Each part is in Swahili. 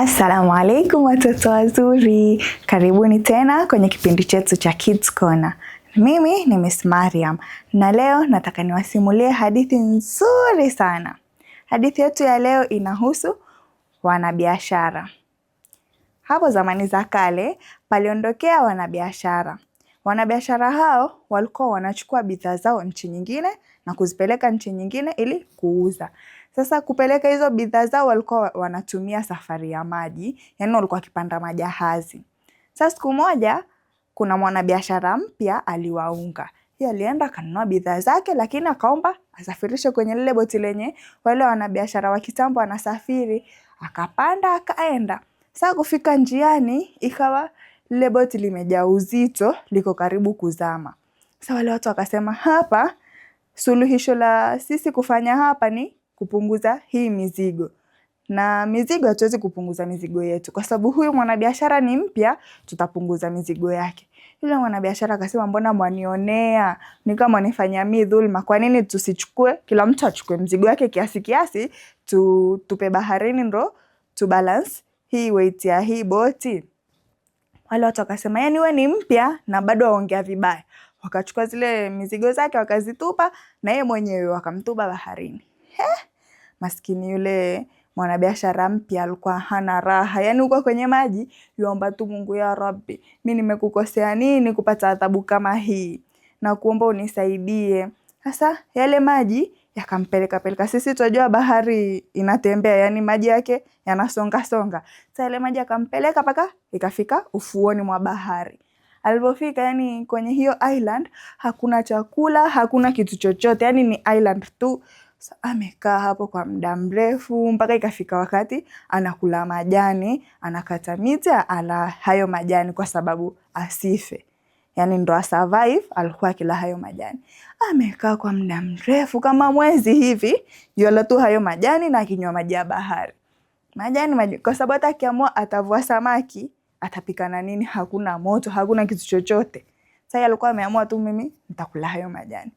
Assalamu alaikum watoto wazuri, karibuni tena kwenye kipindi chetu cha Kids Corner. Mimi ni Miss Mariam na leo nataka niwasimulie hadithi nzuri sana. Hadithi yetu ya leo inahusu wanabiashara. Hapo zamani za kale paliondokea wanabiashara Wanabiashara hao walikuwa wanachukua bidhaa zao nchi nyingine na kuzipeleka nchi nyingine ili kuuza. Sasa kupeleka hizo bidhaa zao walikuwa wanatumia safari ya maji, yaani walikuwa wakipanda majahazi. Sasa siku moja kuna mwanabiashara mpya aliwaunga. Yeye alienda akanunua bidhaa zake, lakini akaomba asafirishe kwenye lile boti lenye wale wanabiashara wa kitambo wanasafiri. Akapanda akaenda. Sasa kufika njiani ikawa lile boti limejaa uzito, liko karibu kuzama. Sasa wale watu wakasema, hapa suluhisho la sisi kufanya hapa ni kupunguza hii mizigo na mizigo hatuwezi kupunguza mizigo yetu kwa sababu huyu mwanabiashara ni mpya, tutapunguza mizigo yake. Yule mwanabiashara akasema, mbona mwanionea, ni kama mwanifanyia mimi dhulma. Kwa nini tusichukue, kila mtu achukue mzigo wake kiasi kiasi, tu, tupe baharini ndo tu hii weight ya hii boti wale watu wakasema, yani we ni mpya na bado waongea vibaya. Wakachukua zile mizigo zake wakazitupa, na yeye mwenyewe wakamtuba baharini. He, maskini yule mwanabiashara mpya alikuwa hana raha, yani huko kwenye maji yuomba tu Mungu, ya Rabbi, mi nimekukosea nini kupata adhabu kama hii, na kuomba unisaidie. Sasa yale maji yakampeleka peleka. Sisi tunajua bahari inatembea, yani maji yake yanasonga songa. Sasa ile maji akampeleka mpaka ikafika ufuoni mwa bahari. Alipofika yani kwenye hiyo island, hakuna chakula, hakuna kitu chochote, yani ni island tu. So, amekaa hapo kwa muda mrefu mpaka ikafika wakati anakula majani, anakata miti, ala hayo majani kwa sababu asife yani ndo asurvive, alikuwa akila hayo majani. Ah, amekaa kwa muda mrefu kama mwezi hivi, yola tu hayo majani na akinywa maji ya bahari. Majani maji, kwa sababu hata akiamua atavua samaki, atapika na nini, hakuna moto, hakuna kitu chochote. Sasa alikuwa ameamua tu, mimi nitakula hayo majani.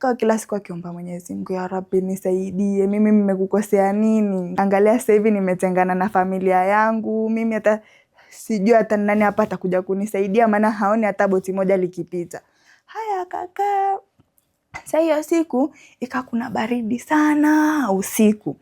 Kwa kila siku akiomba Mwenyezi Mungu, ya Rabbi nisaidie, mimi mmekukosea nini? Angalia sasa hivi nimetengana na familia yangu, mimi hata sijui hata nani hapa atakuja kunisaidia, maana haoni hata boti moja likipita. Haya, akakaa sa hiyo siku ika kuna baridi sana usiku,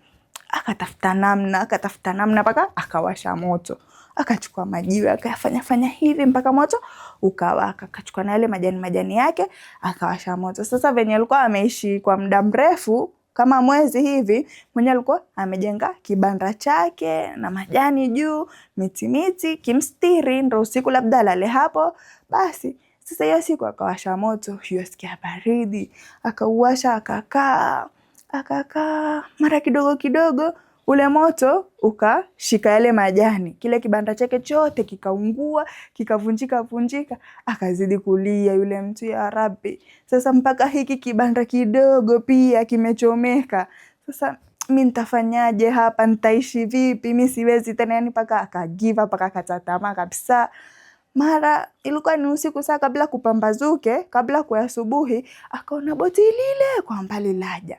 akatafuta namna, akatafuta namna mpaka akawasha moto, akachukua majiwe akayafanya fanya hivi mpaka moto ukawaka, akachukua na yale majani majani yake akawasha moto. Sasa venye alikuwa ameishi kwa muda mrefu kama mwezi hivi, mwenye alikuwa amejenga kibanda chake na majani juu, miti miti, kimstiri ndo usiku labda alale hapo. Basi sasa hiyo siku akawasha moto, yasikia baridi, akauwasha akakaa akakaa, mara kidogo kidogo Ule moto ukashika yale majani, kile kibanda chake chote kikaungua, kikavunjika vunjika. Akazidi kulia yule mtu, ya Rabbi, sasa mpaka hiki kibanda kidogo pia kimechomeka, sasa mi nitafanyaje hapa? Nitaishi vipi? mi siwezi tena. Yani mpaka akagiva, mpaka akatatamaa kabisa. Mara ilikuwa ni usiku saa kabla kupambazuke, kabla kwa asubuhi, akaona boti lile kwa mbali laja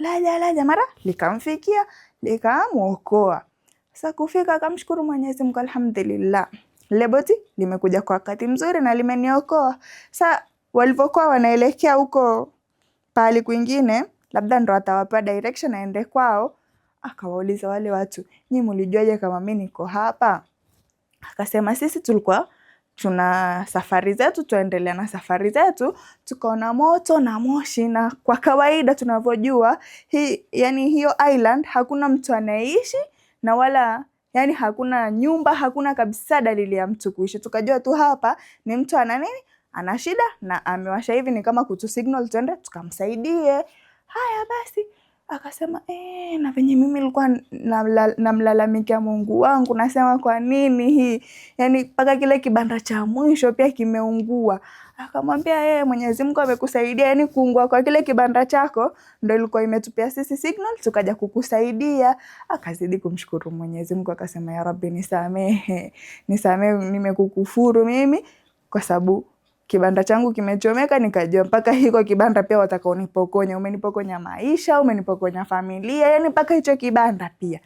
laja laja, mara likamfikia likamwokoa. Sasa kufika akamshukuru Mwenyezi Mungu, alhamdulillah, lile boti limekuja kwa wakati mzuri na limeniokoa. Sasa walivyokuwa wanaelekea huko pahali kwingine, labda ndo atawapa direction aende kwao, akawauliza wale watu, nyinyi mlijuaje kama mimi niko hapa? Akasema sisi tulikuwa tuna safari zetu, tuendelea na safari zetu, tukaona moto na moshi. Na kwa kawaida tunavyojua hii, yani hiyo island hakuna mtu anayeishi na wala yani hakuna nyumba, hakuna kabisa dalili ya mtu kuishi. Tukajua tu hapa ni mtu ana nini, ana shida na amewasha hivi, ni kama kutu signal, tuende tukamsaidie. Haya basi Akasema ee, na venye mimi nilikuwa namlalamikia Mungu wangu, nasema kwa nini hii yani, mpaka kile kibanda cha mwisho pia kimeungua. Akamwambia ee, Mwenyezi Mungu amekusaidia, yani kuungua kwa kile kibanda chako ndo ilikuwa imetupia sisi signal, tukaja kukusaidia. Akazidi kumshukuru Mwenyezi Mungu, akasema ya Rabbi, nisamehe, nisamehe, nimekukufuru mimi kwa sababu kibanda changu kimechomeka, nikajua mpaka hiko kibanda pia wataka unipokonya. Umenipokonya maisha, umenipokonya familia, yani mpaka hicho kibanda pia.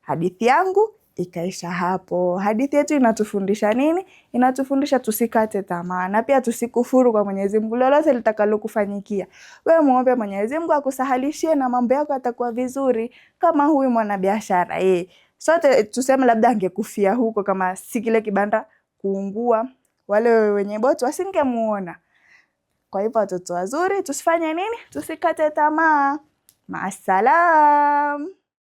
Hadithi yangu ikaisha hapo. Hadithi yetu inatufundisha nini? Inatufundisha tusikate tamaa na pia tusikufuru kwa Mwenyezi Mungu. Lolote litakalokufanyikia wewe, muombe Mwenyezi Mungu akusahalishie na mambo yako yatakuwa vizuri, kama huyu mwanabiashara yeye. Sote tuseme labda angekufia huko, kama si kile kibanda kuungua wale wenye boti wasingemuona. Kwa hivyo watoto wazuri, tusifanye nini? Tusikate tamaa. Maasalam.